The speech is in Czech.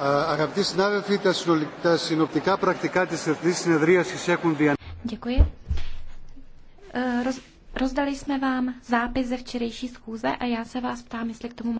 Αγαπητοί συνάδελφοι, τα συνοπτικά πρακτικά της Εθνής Συνεδρίασης έχουν Děkuji. rozdali jsme vám zápis ze včerejší schůze a já se vás ptám, jestli k tomu